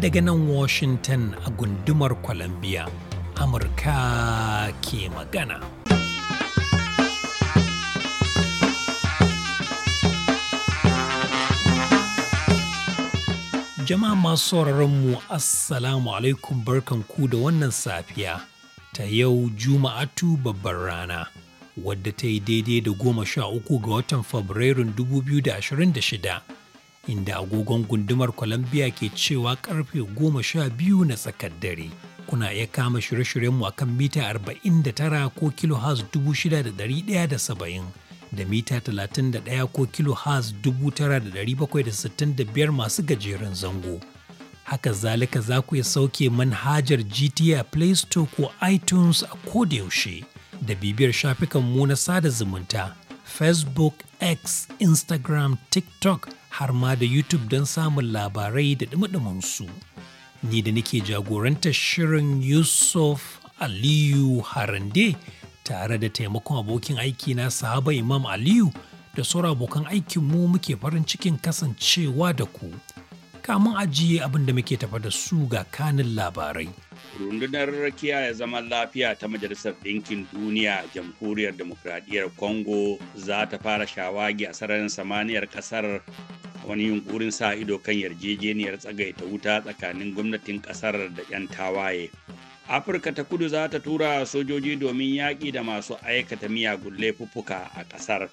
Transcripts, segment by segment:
Daga nan Washington a gundumar Columbia, Amurka ke magana. Jama'a masu sauraronmu Assalamu alaikum barkan ku da wannan safiya ta yau Juma'atu babbar rana. wadda ta yi daidai da goma sha uku ga watan Fabrairun 2026, inda agogon gundumar Columbia ke cewa karfe goma sha biyu na tsakar dare. Kuna iya kama shirye-shiryenmu a kan mita 49 ko kilo dubu 6,170 da mita 31 ko kilo da 9,765 masu gajeren zango. haka zalika za ku iya sauke manhajar GTA Play Store ko iTunes a yaushe. da bibiyar shafikanmu na sada zumunta Facebook, X, Instagram, TikTok har ma da YouTube don samun labarai da su. Ni da nake jagorantar shirin Yusuf Aliyu Harande tare da taimakon abokin aiki na sahaba Imam Aliyu da sauran abokan aikinmu muke farin cikin kasancewa da ku. Kamun ajiye abin da muke tafa da su ga kanin labarai. rundunar kiyaye zaman lafiya ta majalisar ɗinkin duniya jamhuriyar demokradiyyar congo za ta fara shawagi a sararin samaniyar ƙasar wani yunkurin sa ido kan yarjejeniyar tsagaita wuta tsakanin gwamnatin ƙasar da 'yan tawaye afirka ta kudu za ta tura sojoji domin yaƙi da masu aikata miyagun laifuffuka a ƙasar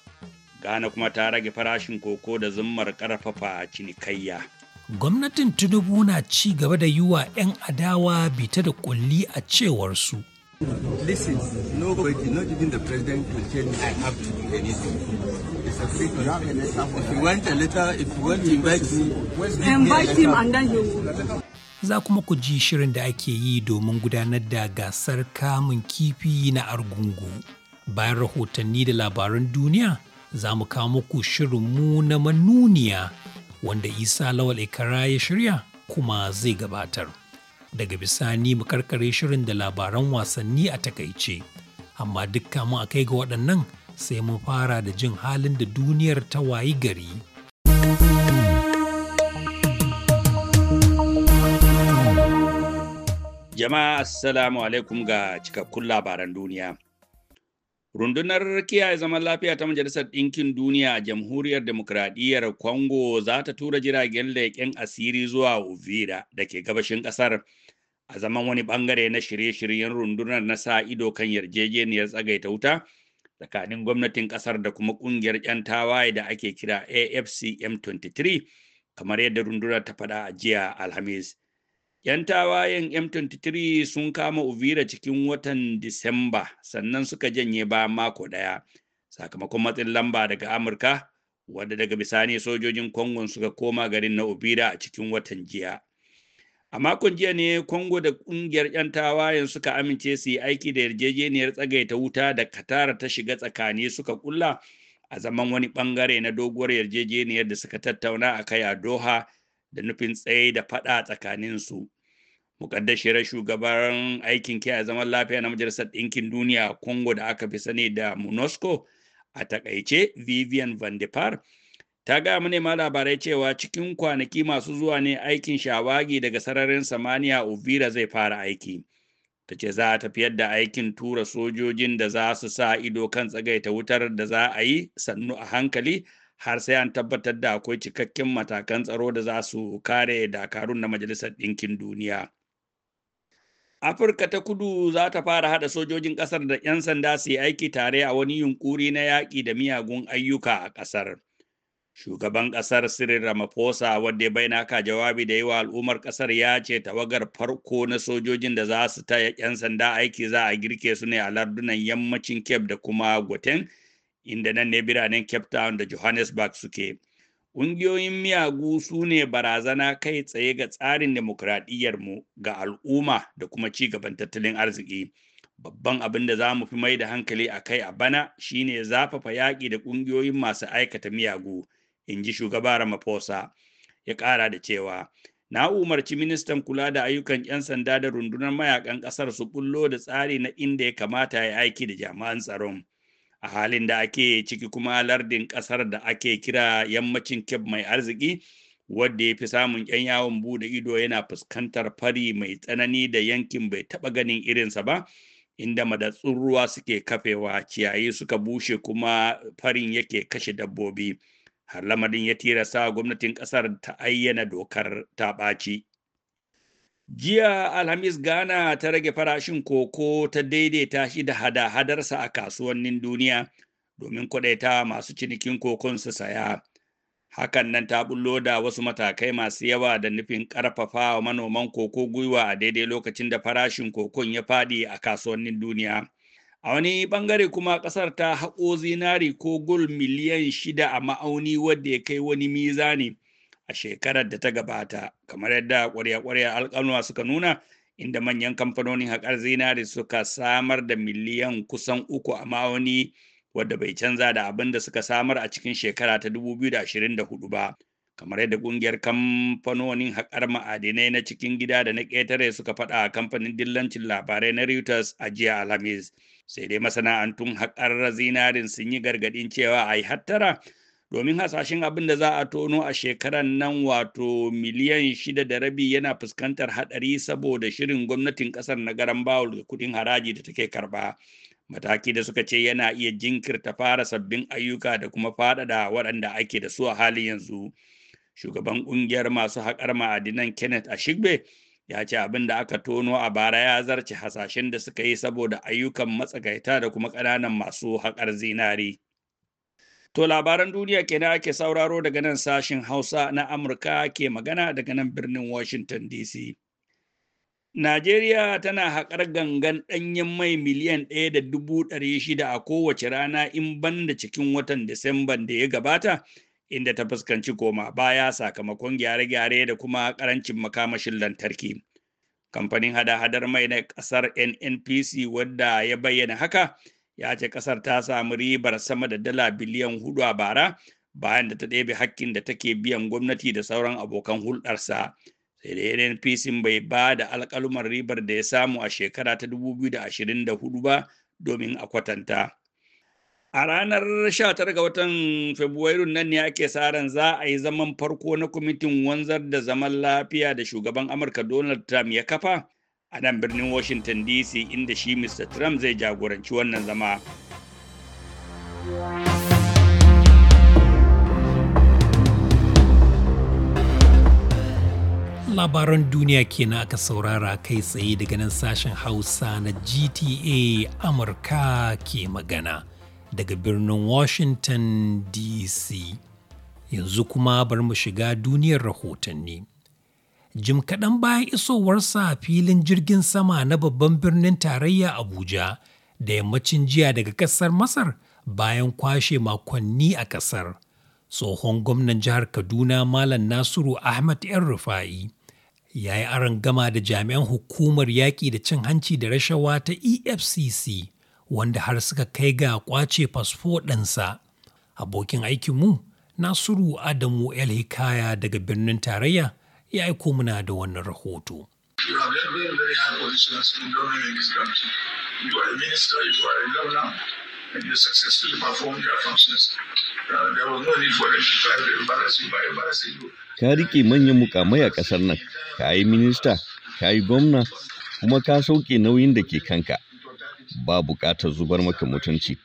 ghana kuma ta rage farashin koko da zummar ƙarfafa cinikayya gwamnatin tinubu na ci gaba da yi wa 'yan adawa bita da kulli a cewar su. Za kuma ku ji shirin da ake yi domin gudanar da gasar kamun kifi na argungu. Bayan rahotanni da labaran duniya, za mu kawo muku shirinmu na manuniya wanda isa lawal ikara ya shirya kuma zai gabatar daga bisani mu karkare shirin da labaran wasanni a takaice amma duk mu akai ga waɗannan sai mu fara da jin halin da duniyar ta wayi gari jama'a assalamu alaikum ga cikakkun labaran duniya Rundunar kiyaye zaman lafiya ta Majalisar Ɗinkin Duniya a Jamhuriyar Demokradiyyar kongo za ta tura jiragen leƙen asiri zuwa Uvira da ke gabashin ƙasar a zaman wani ɓangare na shirye-shiryen rundunar na sa ido kan yarjejeniyar tsagaita wuta tsakanin gwamnatin ƙasar da kuma ƙungiyar 'yan tawaye da ake kira AFCM 23 kamar yadda rundunar ta faɗa a jiya Alhamis. 'Yan tawayen M23 sun kama Uvira cikin watan Disamba sannan suka janye ba mako ɗaya sakamakon matsin lamba daga Amurka wadda daga bisani sojojin kongo suka koma garin na Uvira a cikin watan jiya. A makon jiya ne Kongo da kungiyar 'yan tawayen suka amince su yi aiki da yarjejeniyar tsagaita wuta da Katara ta shiga tsakani suka kulla a zaman wani bangare na doguwar yarjejeniyar da suka tattauna a kai a Doha da nufin tsaye da faɗa tsakaninsu. mukaddashiyar shugaban aikin kiyaye zaman lafiya na majalisar ɗinkin duniya congo da aka fi sani da monusco a takaice vivian van de Par, ta ga manema labarai cewa cikin kwanaki masu zuwa ne aikin shawagi daga sararin samaniya uvira zai fara aiki ta ce za a tafiyar da aikin tura sojojin da za su sa ido kan tsagaita wutar da za a yi sannu a hankali har sai an tabbatar da akwai cikakken matakan tsaro da za su kare dakarun na majalisar ɗinkin duniya Afirka ta kudu za ta fara haɗa sojojin ƙasar da 'yan sanda su yi aiki tare a wani yunƙuri na yaƙi da miyagun ayyuka a ƙasar. Shugaban ƙasar Cyril Ramaphosa wadda ya bayyana ka jawabi da yawa al'ummar ƙasar ya ce tawagar farko na sojojin da za su ta 'yan sanda aiki za a girke su ne a lardunan yammacin Cape da kuma Gauteng, inda nan ne biranen Cape Town da Johannesburg suke. Ƙungiyoyin miyagu su ne barazana kai tsaye ga tsarin mu ga al'umma da kuma ci gaban tattalin arziki. Babban abin da za mu fi mai da hankali a kai a bana shine zafafa yaƙi da ƙungiyoyin masu aikata miyagu, in ji shugaba mafosa, Ya ƙara da cewa, na umarci ministan kula da ayyukan 'yan sanda da rundunar mayakan ƙasar su bullo da tsari na inda ya kamata ya aiki da jami'an tsaron. a halin da ake ciki kuma lardin ƙasar da ake kira yammacin keb mai arziki wadda ya fi samun 'yan yawon buɗe ido yana fuskantar fari mai tsanani da yankin bai taɓa ganin irinsa ba inda madatsun ruwa suke kafewa ciyayi suka bushe kuma farin yake kashe dabbobi har lamarin ya tilasta gwamnatin ƙasar ta ayyana dokar ta ɓaci Jiya Alhamis Ghana ta rage farashin koko ta daidaita shi da hada-hadarsa a kasuwannin duniya domin kuɗaita masu cinikin kokon su saya. Hakan nan ta bullo da wasu matakai masu yawa da nufin ƙarfafa wa manoman koko gwiwa a daidai lokacin da farashin kokon ya faɗi a kasuwannin duniya. A wani ɓangare kuma ƙasar ta haƙo zinari ko gul miliyan shida a ma'auni wadda ya kai wani mizani a shekarar da ta gabata kamar yadda kwarya-kwarya alkalma suka nuna inda manyan kamfanonin haƙar zinari suka samar da miliyan kusan uku a ma'auni wadda bai canza da abin da suka samar a cikin shekara ta 2024 ba kamar yadda ƙungiyar kamfanonin haƙar ma'adinai na cikin gida da na ƙetare suka faɗa a kamfanin dillancin labarai na reuters a jiya alhamis sai dai masana'antun haƙar zinarin sun yi gargaɗin cewa a yi hattara domin hasashen abin da za a tono a shekaran nan wato miliyan shida da rabi yana fuskantar hadari saboda shirin gwamnatin kasar na garan bawul da kudin haraji da take karba mataki da suka ce yana iya jinkirta fara sabbin ayyuka da kuma faɗaɗa waɗanda ake da su a halin yanzu shugaban ƙungiyar masu haƙar ma'adinan kenneth ashigbe ya ce abin da aka tono a bara ya zarce hasashen da suka yi saboda ayyukan matsagaita da kuma ƙananan masu haƙar zinari To labaran duniya kenan ake sauraro daga nan sashin Hausa na Amurka ke magana daga nan birnin Washington DC. Najeriya tana haƙar gangan ɗanyen mai miliyan ɗaya da dubu ɗari shida a kowace rana in banda cikin watan Disamban da ya gabata, inda ta fuskanci koma baya sakamakon gyare-gyare da kuma ƙarancin makamashin lantarki. Kamfanin hada-hadar mai na ƙasar NNPC wadda ya bayyana haka, ya ce kasar ta samu ribar sama da dala biliyan hudu a bara bayan da ta ɗebe hakkin da take biyan gwamnati da sauran abokan hulɗarsa sai da nnpc bai ba da alƙaluman ribar da ya samu a shekara ta da 2024 ba domin a kwatanta a ranar 19 ga watan fabrairu nan ne ake saran za a yi zaman farko na kwamitin wanzar da zaman lafiya da shugaban amurka donald trump ya kafa a nan birnin Washington DC inda shi Mr. Trump zai jagoranci wannan zama. Labaran duniya kenan aka saurara kai tsaye daga nan sashen Hausa na GTA Amurka ke magana daga birnin Washington DC. Yanzu kuma bar mu shiga duniyar rahotanni. jim kaɗan bayan isowarsa filin jirgin sama na babban birnin tarayya abuja da yammacin jiya daga ƙasar masar bayan kwashe makonni a ƙasar tsohon gwamnan jihar kaduna malam nasiru ahmad yan rufa'i ya yi aron gama da jami'an hukumar yaƙi da cin hanci da rashawa ta efcc wanda har suka kai ga kwace fasfo ɗinsa abokin aikinmu nasiru adamu el hikaya daga birnin tarayya ya aiko muna da wannan rahoto. Ka rike manyan mukamai a ƙasar nan, ka yi minista, ka yi gwamna, kuma ka sauke nauyin da ke kanka. Ba buƙatar zubar maka mutunci.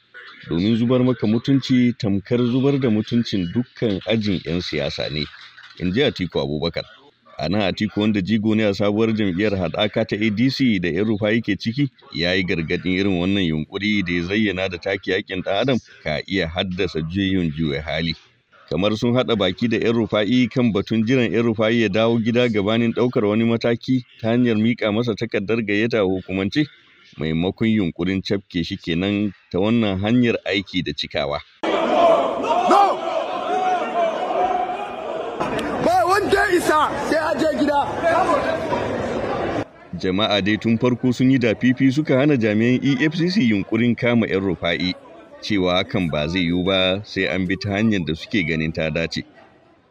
Domin zubar maka mutunci tamkar zubar da mutuncin dukkan ajin 'yan siyasa ne, in ji Atiku Abubakar. a nan atiku wanda jigo ne a sabuwar jam'iyyar haɗaka ta adc da yan rufa ke ciki ya yi gargaɗin irin wannan yunkuri da ya zayyana da take yakin ɗan adam ka iya haddasa juyin juya hali kamar sun haɗa baki da yan rufa'i kan batun jiran yan rufa'i ya dawo gida gabanin ɗaukar wani mataki ta hanyar miƙa masa takardar gayyata hukumance maimakon yunkurin cafke shi kenan ta wannan hanyar aiki da cikawa. sa sai a gida jama'a dai tun farko sun yi da fifi suka hana jami'an efcc yunkurin kama 'yan rufa'i cewa hakan ba zai yiwu ba sai an bi ta hanyar da suke ganin ta dace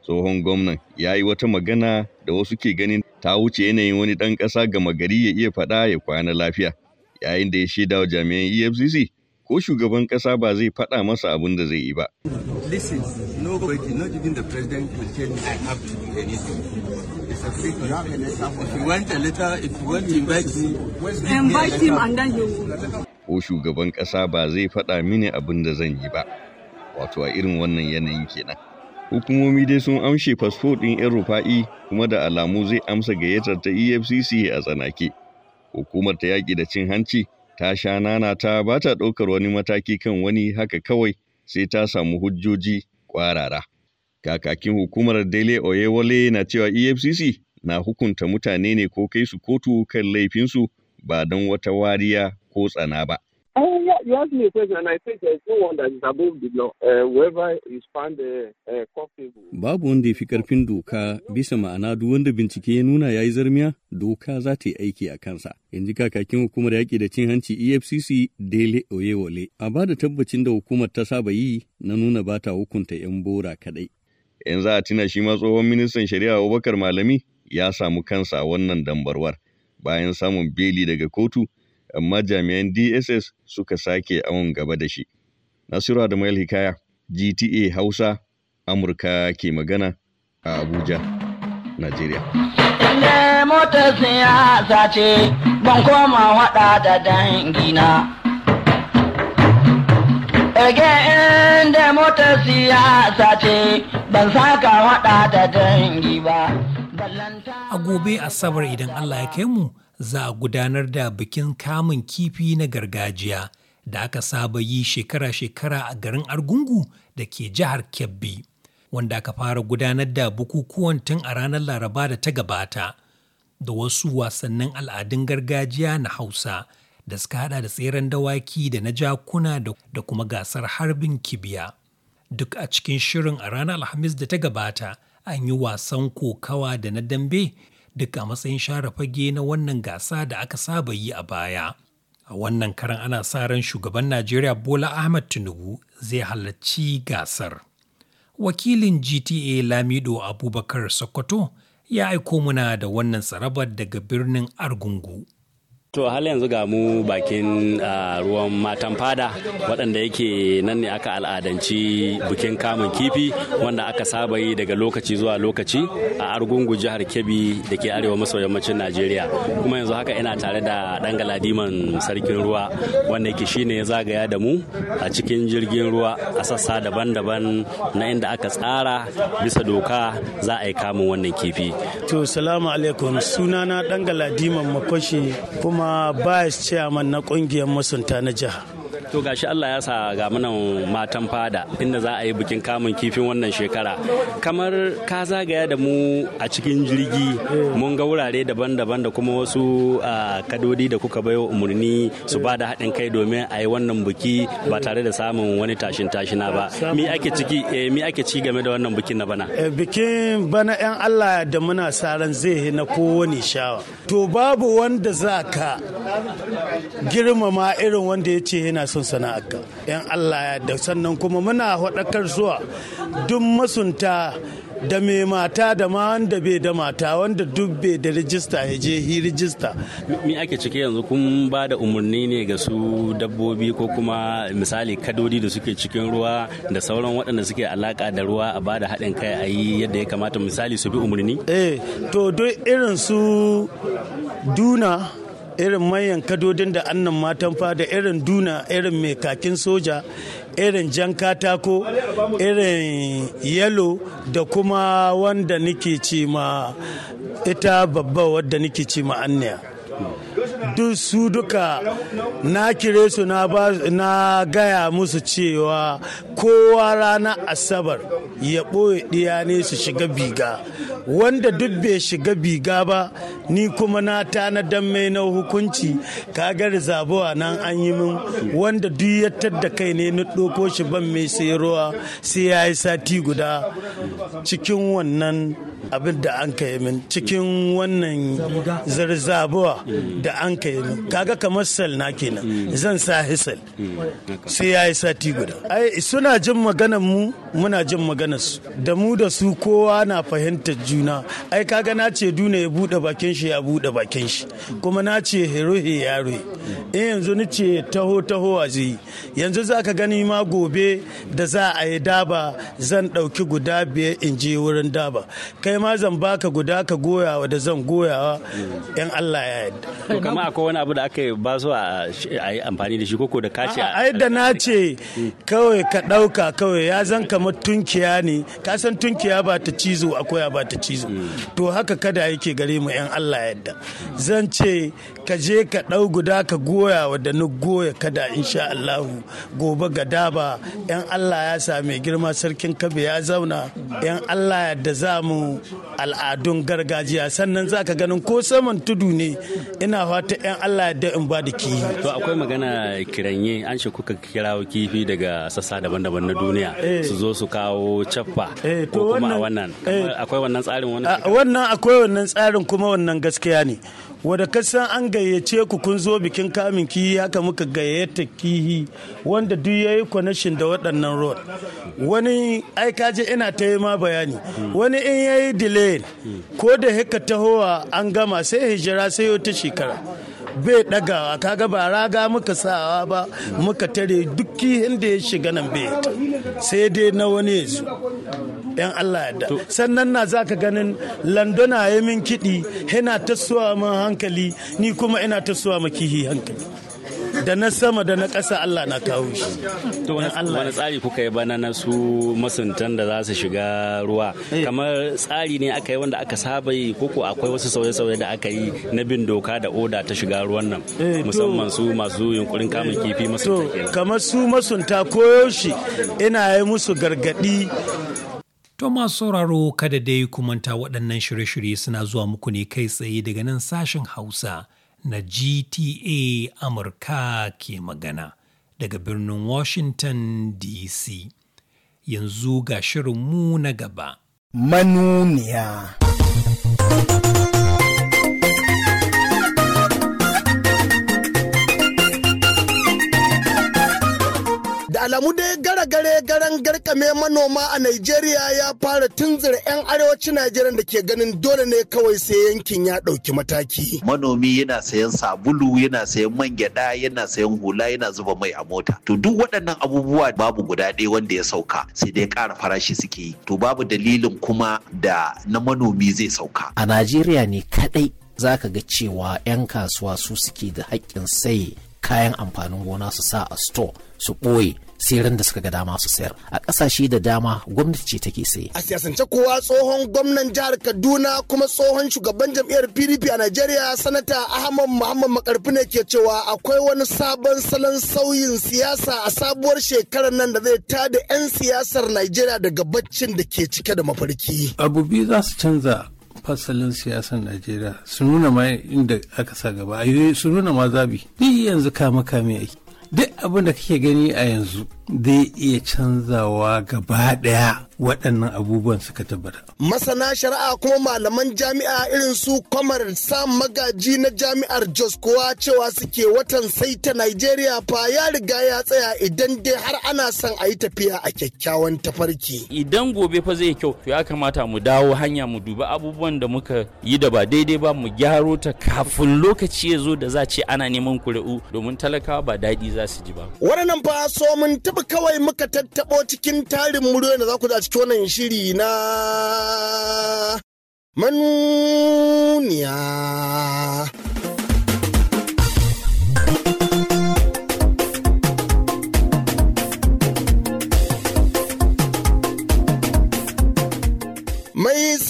tsohon gwamnan ya yi wata magana da wasu ke ganin ta wuce yanayin wani ɗan ƙasa gama gari ya iya faɗa ya kwana lafiya yayin da ya shaidawa jami'an efcc ko shugaban ƙasa ba zai faɗa masa abin da zai yi ba. a Ko shugaban ƙasa ba zai faɗa mini abin da zan yi ba. Wato a irin wannan yanayin kenan. Hukumomi dai sun amshe fasfo ɗin 'yan rufa'i kuma da alamu zai amsa gayyatar ta EFCC a tsanake. Hukumar ta yaƙi da cin hanci ta sha nana ta ba ta ɗaukar wani mataki kan wani haka kawai sai ta samu hujjoji kwarara, Kakakin hukumar Dele Oyewole na cewa EFCC na hukunta mutane ne ko kai su kotu kan laifinsu ba don wata wariya ko tsana ba. Uh, yeah, you asked me a question, and I think there's no one that is above the law. Uh, whoever is found uh, uh, Babu wanda ya fi karfin doka bisa ma'ana duk wanda bincike ya nuna ya yi zarmiya, doka za ta yi aiki a kansa. In ji kakakin hukumar yaƙi da cin hanci EFCC Dele Oyewole. A ba da tabbacin da hukumar ta saba yi na nuna ba ta hukunta 'yan bora kaɗai. Yan za a tuna shi ma tsohon ministan shari'a Abubakar Malami ya samu kansa wannan dambarwar bayan samun beli daga kotu. amma jami'an DSS suka sake awon gaba da shi. Nasiru Adamuel Hikaya, GTA Hausa, Amurka ke magana a Abuja, Najeriya. Inde mota siyasa ce, ban koma waɗa da dangina. Ege inda mota siyasa ce, ban saka waɗa da dangi ba. A gobe Asabar idan Allah ya kai mu za a gudanar da bikin kamun kifi na gargajiya da aka saba yi shekara-shekara a garin Argungu da ke jihar Kebbi, wanda aka fara gudanar da bukukuwan tun a ranar Laraba da ta gabata, da wasu wasannin al'adun gargajiya na Hausa da suka hada da tseren dawaki da na jakuna da kuma gasar harbin kibiya. Duk a cikin shirin a ranar Alhamis da ta gabata, an yi wasan kokawa da na dambe duk a matsayin share fage na wannan gasa da aka saba yi a baya. A wannan karan ana sa ran shugaban Najeriya Bola Ahmed Tinubu zai halarci gasar. Wakilin GTA Lamido Abubakar Sokoto ya aiko muna da wannan tsarabar daga birnin Argungu. To hal yanzu ga mu bakin ruwan matan fada waɗanda yake nan ne aka al'adanci bikin kamun kifi wanda aka saba yi daga lokaci zuwa lokaci a argungu jihar Kebbi da ke arewa maso yammacin Najeriya. Kuma yanzu haka ina tare da ɗan galadiman sarkin ruwa wanda yake shine ya zagaya da mu a cikin jirgin ruwa a sassa daban-daban na inda aka tsara bisa doka za a yi kamun wannan kifi. To salamu alaikum sunana ɗan galadiman makwashi kuma kuma vice chairman na kungiyar masunta na jiha to gashi Allah ya sa ga munan matan fada inda za a yi bikin kamun kifin wannan shekara kamar ka zagaya da mu a cikin jirgi mun ga wurare daban-daban da kuma wasu kadodi da kuka baiwa umarni su ba da haɗin kai domin a yi wannan biki ba tare da samun wani tashin tashina ba mi ake ciki eh, mi ake ci game da wannan bikin na bana eh, bikin bana yan Allah da muna sa ran zai na kowane shawa to babu wanda zaka girmama irin wanda ya ce yana so son sana'arka yan Allah ya da sannan kuma muna haɗakar zuwa duk masunta da mai mata da ma wanda bai da mata wanda duk bai da rijista ya je hi rijista. Me ake cike yanzu kun ba da umarni ne ga su dabbobi ko kuma misali kadodi da suke cikin ruwa da sauran waɗanda suke alaka da ruwa a ba da haɗin kai a yi yadda ya kamata misali su bi umarni? Eh, to duk irin su duna irin manyan kadodin da annan matan fada irin duna irin mai kakin soja irin jan katako irin yalo da kuma wanda nike ce ma ita babba wadda nike ce ma anniya duk su duka na kire su na gaya musu cewa kowa rana asabar ya ɓoye ɗiya ne su shiga biga wanda duk bai shiga biga ba ni kuma na tanadan mai na hukunci kaga rizabuwa nan an yi min wanda duk ya tadda kai ne na ɗoko shi ban mai sayarwa sai ya yi sati guda cikin wannan abin da an kai min cikin wannan zarzabuwa da an kai min kaga kamar sal na kenan zan sa hisal sai ya yi sati guda ai suna jin maganar mu muna jin maganar su da mu da su kowa na fahimtar juna ai kaga na ce duna ya bude bakin shi ya bude bakin shi kuma na ce herohe ya ruhe in eh, yanzu ni ce taho taho a zai yanzu za ka gani ma gobe da za a yi daba zan ɗauki guda biyar in je wurin daba kai ma zan baka guda ka goyawa da zan goyawa yan Allah ya yarda to kamar akwai wani abu da aka ba su a yi amfani da shi koko da kace ai da na ce kawai ka ɗauka kawai ya zan kamar tunkiya ne ka san tunkiya ba ta cizo akwai ba ta cizo mm. to haka kada yake gare mu yan Allah yadda zan ce ka je ka ɗau guda ka goya wa da goya kada insha Allahu gobe ga daba yan Allah ya sa mai girma sarkin kabe ya zauna yan Allah ya za mu al'adun gargajiya sannan za ka ganin ko saman tudu ne ina fata yan Allah da in ba da kihi. To akwai magana kiranye an shi kuka kirawo kifi daga sassa daban-daban na duniya eh. su zo su kawo cappa eh, ko kuma wannan eh. akwai wannan tsarin wannan akwai wannan tsarin kuma wannan gaskiya ne wadda kasan an gayyace ku kun zo bikin kamin kihi haka muka gayyata kihi wanda duk ya yi connection da waɗannan road wani ai kaje ina ta yi ma bayani wani in ya yi delay ko da haka tahowa an gama sai hijira sai ta shekara bai ɗagawa kaga ba raga muka sawa ba muka tare duk inda ya shiga nan bai ta sai dai na wani su yan Allah da sannan na zaka ganin landona ya min kiɗi yana tasowa min hankali ni kuma ina tasowa maki hankali da na sama da na ƙasa Allah na kawo shi to wani tsari kuka yi bana na su masuntan da za su shiga ruwa eh. kamar tsari ne aka yi wanda aka saba yi koko akwai wasu sauye-sauye da aka yi na bin doka da oda ta shiga ruwan nan eh, musamman su masu yunkurin kamun eh, kifi masunta kamar su masunta koyaushe ina yi musu gargadi To masu sauraro kada dai kumanta waɗannan shirye-shirye suna zuwa muku ne kai tsaye daga nan sashen Hausa na GTA Amurka ke magana daga birnin Washington DC. Yanzu ga shirinmu na gaba. Manuniya. alamu dai gare-gare garan garkame manoma a Najeriya ya fara tunzura 'yan arewacin Najeriya da ke ganin dole ne kawai sai yankin ya ɗauki mataki. Manomi yana sayan sabulu, yana sayan man gyaɗa, yana sayan hula, yana zuba mai a mota. To duk waɗannan abubuwa babu guda ɗaya wanda ya sauka sai dai ƙara farashi suke yi. To babu dalilin kuma da na manomi zai sauka. A Najeriya ne kaɗai za ka ga cewa 'yan kasuwa su suke da haƙƙin saye kayan amfanin gona su sa a store su ɓoye sirrin da suka ga dama su sayar a kasashe da dama gwamnati ce take sayi. a siyasance kowa tsohon gwamnan jihar Kaduna kuma tsohon shugaban jam'iyyar PDP a Najeriya sanata Ahmad Muhammad Makarfi ne ke cewa akwai wani sabon salon sauyin siyasa a sabuwar shekarar nan da zai tada 'yan siyasar Najeriya daga baccin da ke cike da mafarki abu biyu za su canza fasalin siyasar najeriya su nuna ma inda aka sa gaba su nuna ma zabi duk yanzu kama kame yake duk abin da kake gani a yanzu zai iya canzawa gaba daya waɗannan abubuwan suka tabbata. Masana shari'a kuma malaman jami'a irin su kwamar sam magaji na jami'ar Jos kowa cewa suke watan sai ta Najeriya fa ya riga ya tsaya idan dai har ana son a yi tafiya a kyakkyawan tafarki. Idan gobe fa zai kyau to ya kamata mu dawo hanya mu duba abubuwan da muka yi da ba daidai ba mu gyaro ta kafin lokaci ya zo da za ce ana neman kuri'u domin talakawa ba daɗi za su ji ba. Waɗannan fa so mun taɓa bi kawai muka tattaɓo cikin tarin muryoyin da za ku zaci wannan shiri na manuniya.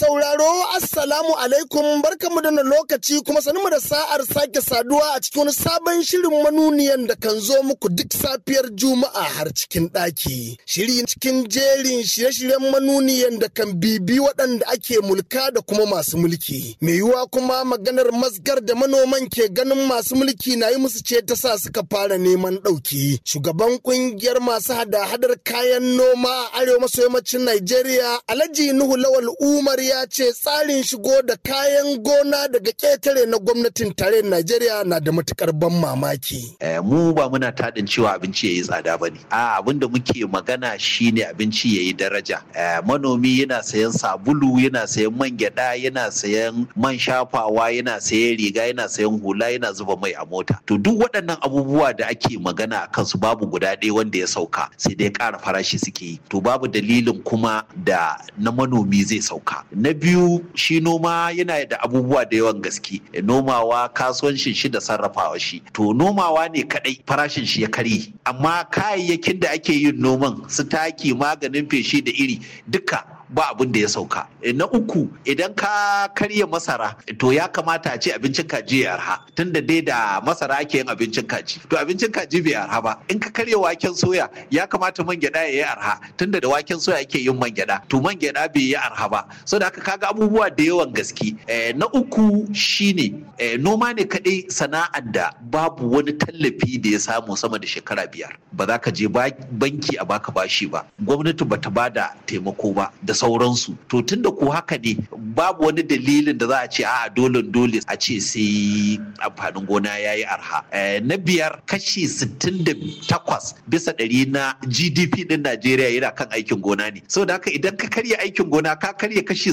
sauraro assalamu alaikum barkanmu da wannan lokaci kuma sanin mu da sa'ar sake saduwa a cikin wani sabon shirin manuniyan da kan zo muku duk safiyar juma'a har cikin ɗaki shiri cikin jerin shirye-shiryen manuniyan da kan bibi waɗanda ake mulka da kuma masu mulki Me yiwuwa kuma maganar mazgar da manoman ke ganin masu mulki na yi musu ce ta sa suka fara neman ɗauki shugaban ƙungiyar masu hada-hadar kayan noma a arewa maso yammacin Najeriya Alhaji Nuhu Lawal Umar ya ce tsarin shigo da kayan gona daga ƙetare na gwamnatin tare Najeriya na da matukar ban mamaki. Eh, mu ba muna taɗin cewa abinci ya yi tsada ba ne. A abin da muke magana shine abinci ya yi daraja. Eh, manomi yana sayan sabulu, yana sayan man gyaɗa, yana sayan man shafawa, yana sayan riga, yana sayan hula, yana zuba mai a mota. To duk waɗannan abubuwa da ake magana a kansu babu guda ɗaya wanda ya sauka sai dai ƙara farashi suke yi. To babu dalilin kuma da na manomi zai sauka. na biyu shi noma yana da abubuwa da yawan gaske nomawa kasuwancin shi da sarrafawa shi to nomawa ne kadai farashin shi ya karye amma kayayyakin da ake yin noman su taki maganin feshi da iri duka ba abin da ya sauka eh, na uku idan ka karya masara to ya kamata a ce abincin kaji ya arha tunda dai da masara ake yin abincin kaji to abincin kaji bai arha ba in ka karya waken soya ya kamata man gyada ya yi arha tunda da waken soya ake yin man gyada to man gyada bai yi arha ba da haka ga abubuwa da yawan gaske eh, na uku shine eh, noma ne kaɗai sana'ar da babu wani tallafi da ya samu sama da shekara biyar ba za ka je banki a baka bashi ba gwamnati ba ta ba da taimako ba da sauransu to tun da ko haka ne babu wani dalilin da za a ce a dole dole a ce sai amfanin gona ya yi arha eh, na biyar kashi sittin 68 bisa ɗari na gdp ɗin najeriya yana kan aikin gona ne da haka idan ka karya aikin gona ka karya kashi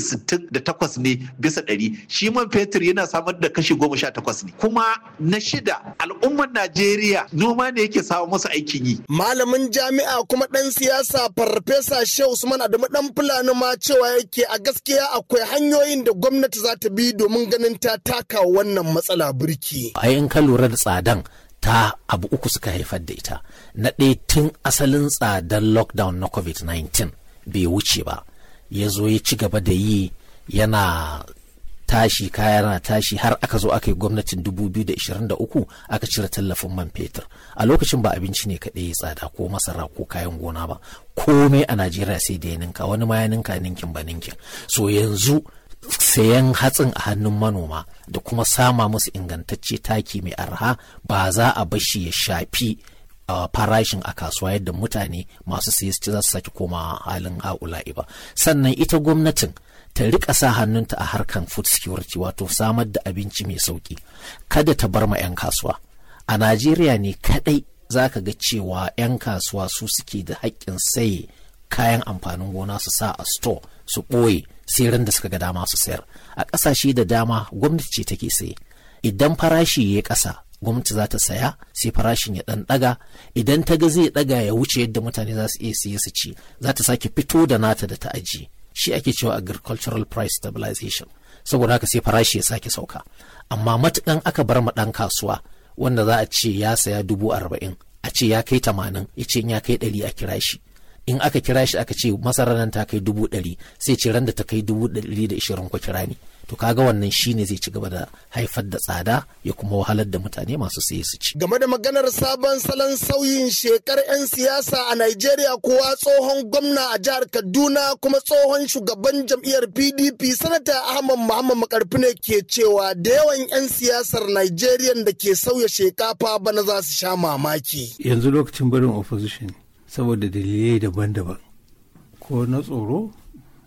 da 68 ne bisa ɗari shi man fetur yana samar da kashi 18 ne kuma na shida al'ummar najeriya noma ne yake samu musu aikin yi malamin jami'a kuma ɗan siyasa farfesa shehu usman adamu ɗan fulani. ma cewa yake a gaskiya akwai hanyoyin da gwamnati za ta bi domin ganin ta taka wannan matsala birki. A in ka lura da tsadan ta abu uku suka haifar da ita. Na ɗaya tun asalin tsadan lockdown na COVID-19 bai wuce ba. Ya zo ya ci gaba da yi yana tashi kaya na tashi har aka zo aka yi gwamnatin 2023 aka cire tallafin man fetur a lokacin ba abinci ne kaɗai ya tsada ko masara ko kayan gona ba komai a najeriya sai da ya ninka wani ma ya ninka ninkin ba ninkin so yanzu sayan hatsin a hannun manoma da kuma sama musu ingantacce taki mai arha ba za a bashi ya shafi Uh, farashin a kasuwa yadda mutane masu siya su za su sake koma halin ha'ula'i ba sannan ita gwamnatin ta rika sa hannunta a harkan food security wato samar da abinci mai sauki kada ta bar ma 'yan kasuwa a najeriya ne kadai za ka ga cewa 'yan kasuwa su suke da haƙƙin saye kayan amfanin gona su sa a store su ɓoye sai da suka ga dama su sayar a ƙasashe da dama gwamnati ce take saye idan farashi ya ƙasa gwamnati za ta saya sai farashin ya dan daga idan ta ga zai ɗaga ya wuce yadda mutane za su iya siye su ci za ta sake fito da nata da ta aji shi ake cewa agricultural price stabilization saboda haka sai farashi ya sake sauka amma matukan aka bar ma ɗan kasuwa wanda za a ce ya saya dubu arba'in a ce ya kai tamanin ya ce ya kai dari a kira shi in aka kira shi aka ce masarar nan ta kai dubu dari sai ce ran da ta kai dubu dari da ishirin ku kira ni to kaga wannan shine zai ci gaba da haifar da tsada ya kuma wahalar da mutane masu saye su ci game da maganar sabon salon sauyin shekar 'yan siyasa a Najeriya kowa tsohon gwamna a jihar Kaduna kuma tsohon shugaban jam'iyyar PDP sanata Ahmad Muhammad Makarfi ne ke cewa da yawan 'yan siyasar Najeriya da ke sauya shekafa bana za su sha mamaki yanzu lokacin barin opposition saboda dalilai daban-daban ko na tsoro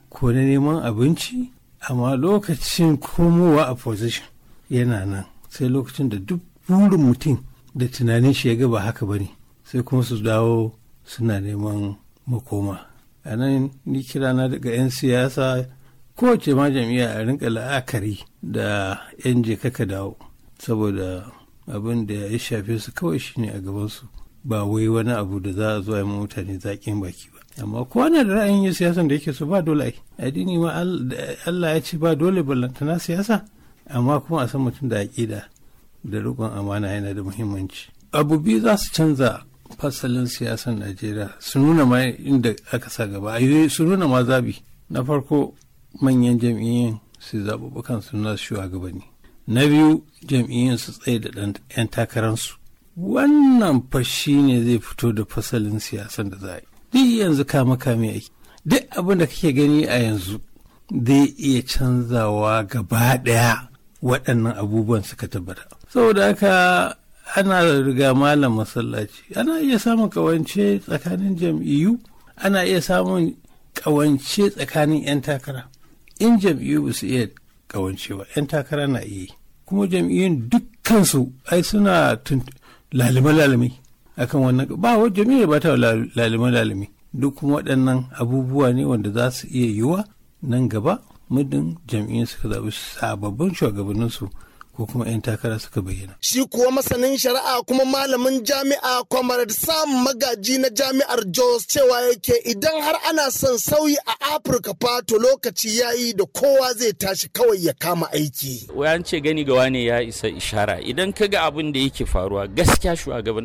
ko na neman abinci amma lokacin komowa a position yana nan sai lokacin da duk burin mutum da tunanin shi ya gaba haka bane sai kuma su dawo suna neman makoma a nan ni kirana daga 'yan siyasa kowace ma jamia a rinka la'akari da 'yan je kaka dawo saboda abin da ya shafe su kawai shine a gabansu ba wai wani abu da za a zo a mutane zaƙin baki amma kowa na da ra'ayin yin siyasan da yake so ba dole ai addini ma Allah ya ce ba dole ballantana siyasa amma kuma a san mutum da aƙida da rukun amana yana da muhimmanci abu biyu za su canza fasalin siyasan najeriya su nuna ma inda aka sa gaba su nuna ma zabi na farko manyan jam'iyyun su zaɓuɓɓukan su na shugabanni na biyu jam'iyyun su tsaye da ɗan takararsu wannan fashi ne zai fito da fasalin siyasan da za a yi duk yanzu kama mai aiki duk abin da kake gani a yanzu zai iya canzawa gaba daya waɗannan abubuwan suka tabbata saboda haka ana riga malam masallaci ana iya samun kawance tsakanin jam'iyyu ana iya samun kawance tsakanin 'yan takara in jam'iyyu ba su iya kawance ba 'yan takara na iya kuma jam'iyyun dukkansu ai suna lalime-lalime akan wannan ba wa jami'a ba ta lalima lalimi duk kuma waɗannan abubuwa ne wanda za su iya yiwuwa nan gaba muddin jami'in suka zaɓi sababbin shugabanninsu ko kuma 'yan takara suka bayyana. Shi kuwa masanin shari'a kuma malamin jami'a Comrade Sam Magaji na jami'ar Jos cewa yake idan har ana son sauyi a Afirka fato to lokaci yi da kowa zai tashi kawai ya kama aiki. Wayan ce gani gawa ne ya isa ishara idan ka ga abin da yake faruwa gaskiya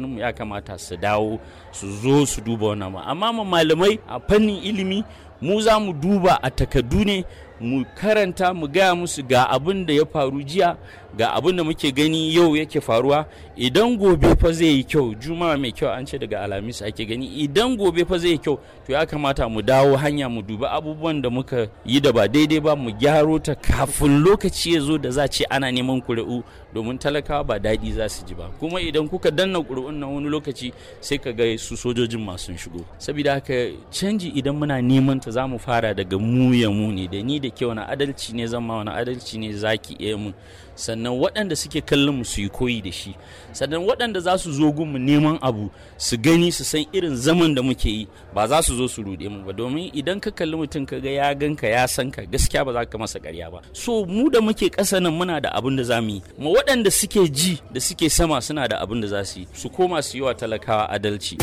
mu ya kamata su dawo su zo su duba wannan amma malamai a fannin ilimi mu za mu duba a takardu ne mu karanta mu gaya musu ga abin da ya faru jiya ga abin da muke gani yau yake faruwa idan gobe fa zai yi kyau juma'a mai kyau an ce daga alhamis ake gani idan gobe fa zai yi kyau to ya kamata mu dawo hanya mu duba abubuwan da muka yi da ba daidai ba mu gyaro ta kafin lokaci ya zo da za ce ana neman kuri'u domin talakawa ba daɗi za su ji ba kuma idan kuka danna kuri'un na wani lokaci sai ka ga su sojojin masu shigo saboda haka canji idan muna neman ta za mu fara daga mu ya mu ne da ni da da kyau wani adalci ne zama wani adalci ne zaki iya mu sannan waɗanda suke kallon mu su yi koyi da shi sannan waɗanda za su zo gunmu neman abu su gani su san irin zaman da muke yi ba za su zo su ruɗe mu ba domin idan ka kalli mutum ka ga ya ka ya san ka gaskiya ba za ka masa ƙarya ba so mu da muke ƙasa nan muna da abin da za mu yi ma waɗanda suke ji da suke sama suna da abun da za su yi su koma su yi wa talakawa adalci.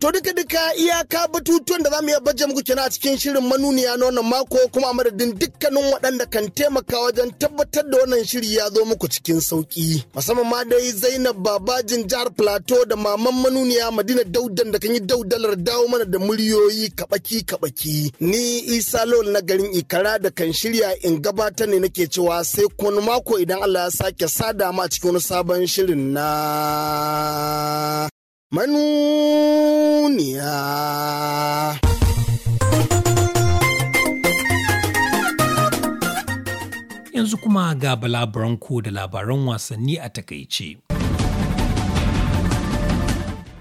To duka duka iyaka batutuwan da za mu iya baje muku kenan a cikin shirin manuniya na wannan mako kuma a madadin dukkanin waɗanda kan taimaka wajen tabbatar da wannan shiri ya zo muku cikin sauki. Musamman ma dai Zainab Babajin jihar Plateau da maman manuniya Madina Daudan da kan yi daudalar dawo mana da muryoyi kabaki kabaki. Ni Isa Lol na garin Ikara da kan shirya in gabatar ne nake cewa sai kun mako idan Allah ya sake sada ma cikin wani sabon shirin na manuniya. Yanzu kuma ga balabaranku da labaran wasanni a takaice.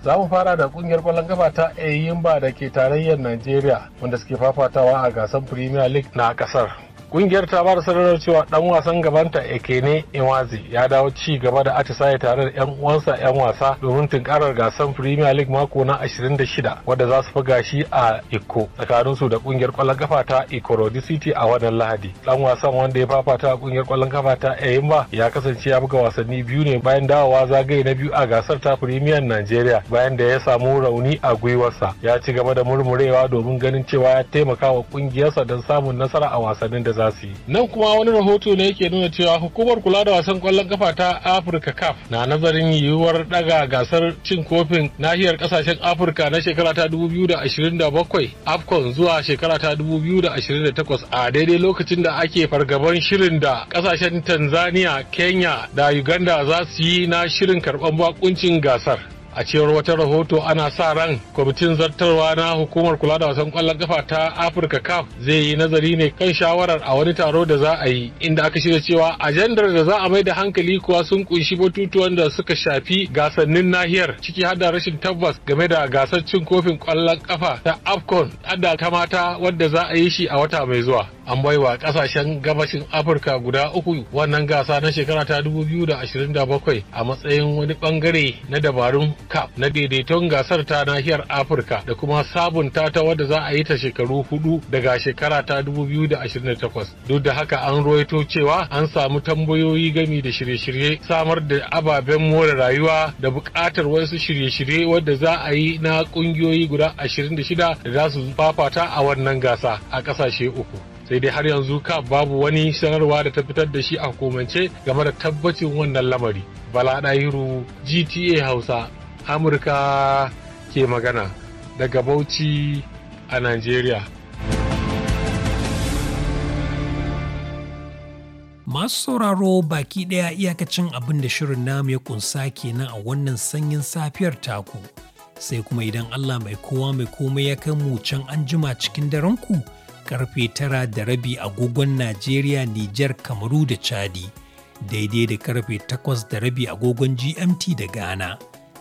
za mu fara da kungiyar kwallon kafa ta eyimba da ke tarayyar najeriya wanda suke fafatawa a gasar premier league na kasar Kungiyar ta ba da sanarwar cewa dan wasan gabanta Ekene Iwazi ya dawo ci gaba da atisaye tare da yan uwansa yan wasa domin tunkarar gasar Premier League mako na 26 wadda za su buga shi a Iko tsakanin su da kungiyar kwallon kafa ta Ikorodi City a wannan Lahadi. Dan wasan wanda ya fafata a kungiyar kwallon kafa ta Eyimba ya kasance ya buga wasanni biyu ne bayan dawowa zagaye na biyu a gasar ta Premier Nigeria bayan da ya samu rauni a gwiwarsa. Ya ci gaba da murmurewa domin ganin cewa ya taimaka wa kungiyarsa don samun nasara a wasannin da za su yi nan kuma wani rahoto ne yake nuna cewa hukumar kula da wasan kwallon kafa ta afirka caf na nazarin yiwuwar daga gasar cin kofin nahiyar kasashen afirka na shekara ta 2027 afcon zuwa shekara ta 2028 a daidai lokacin da ake fargaban shirin da kasashen tanzania kenya da uganda za su yi na shirin karban bakuncin gasar a cewar wata rahoto ana sa ran kwamitin zartarwa na hukumar kula da wasan kwallon kafa ta afirka caf zai yi nazari ne kan shawarar a wani taro da za a yi inda aka shirya cewa ajandar da za a mai da hankali kuwa sun kunshi batutuwan da suka shafi gasannin nahiyar ciki hada rashin tabbas game da gasar cin kofin kwallon kafa ta afcon adda ta mata wadda za a yi shi a wata mai zuwa an baiwa kasashen gabashin afirka guda uku wannan gasa na shekara ta 2027 a matsayin wani bangare na dabarun cap na daidaiton gasar ta nahiyar afirka da kuma sabunta ta wadda za a yi ta shekaru hudu daga shekara ta 2028 duk da haka an roito cewa an samu tambayoyi gami da shirye-shirye samar da ababen more rayuwa da bukatar wasu shirye-shirye wadda za a yi na ƙungiyoyi guda 26 da za su fafata a wannan gasa a ƙasashe uku sai dai har yanzu ka babu wani sanarwa da ta fitar da shi a komance game da tabbacin wannan lamari bala ɗahiru gta hausa amurka ke magana daga bauchi a nigeria Masu sauraro baki ɗaya iyakacin abin da shirin namu ya kunsa kenan a wannan sanyin safiyar taku. Sai kuma idan Allah mai kowa mai komai ya kai mu can an jima cikin daren ku karfe tara da rabi agogon Najeriya, Nijar, Kamaru da Chadi, daidai da karfe takwas da rabi agogon GMT da Ghana.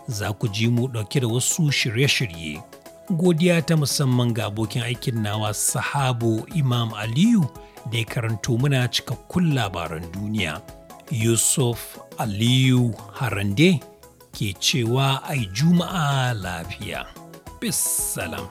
Za ku ji mu ɗauke da wasu shirye-shirye. Godiya ta musamman ga abokin aikin nawa Sahabo Imam Aliyu da ya karanto muna cikakkun labaran duniya. Yusuf Aliyu Harande ke cewa ai juma'a lafiya. Bis salam.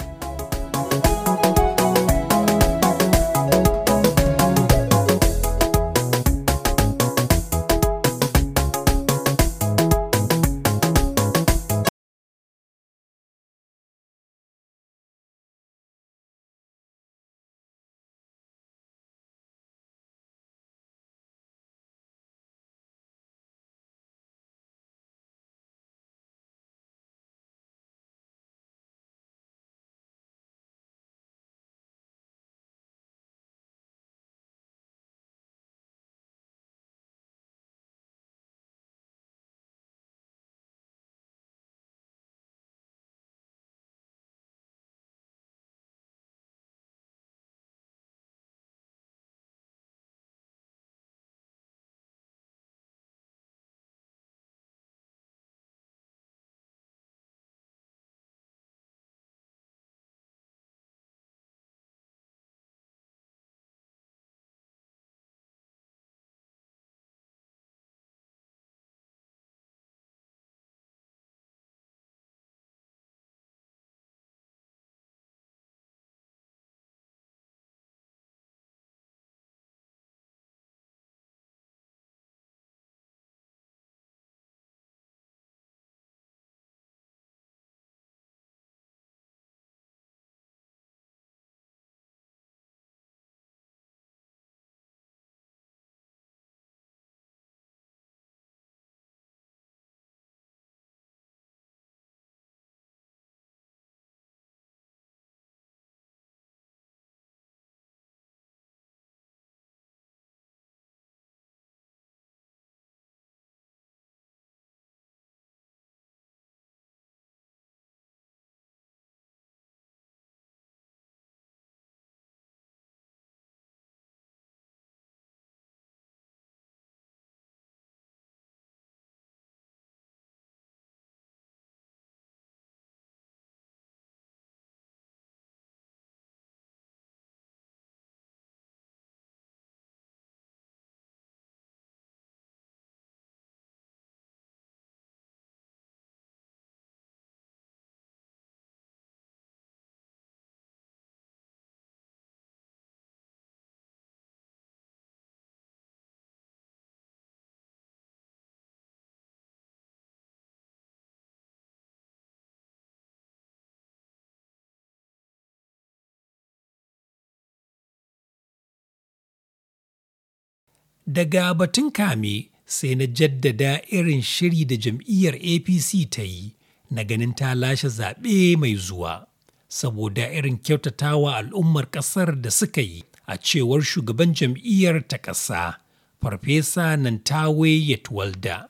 daga batun kame sai na jaddada irin shiri da jam'iyyar apc ta yi na ganin ta lashe zaɓe mai zuwa saboda irin kyautatawa al'ummar ƙasar da suka yi a cewar shugaban jam'iyyar ta ƙasa farfesa nantawe yatwalda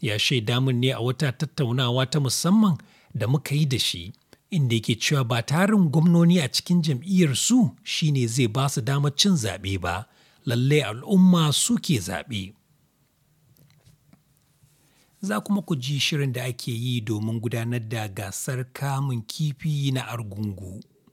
ya shaida mun ne a wata tattaunawa ta musamman da muka yi da shi inda yake cewa ba tarin gwamnoni a cikin jam'iyyar su shine zai ba su damar cin zaɓe ba Lallai al'umma suke zaɓe. Za kuma ku ji shirin da ake yi domin gudanar da gasar kamun kifi na argungu.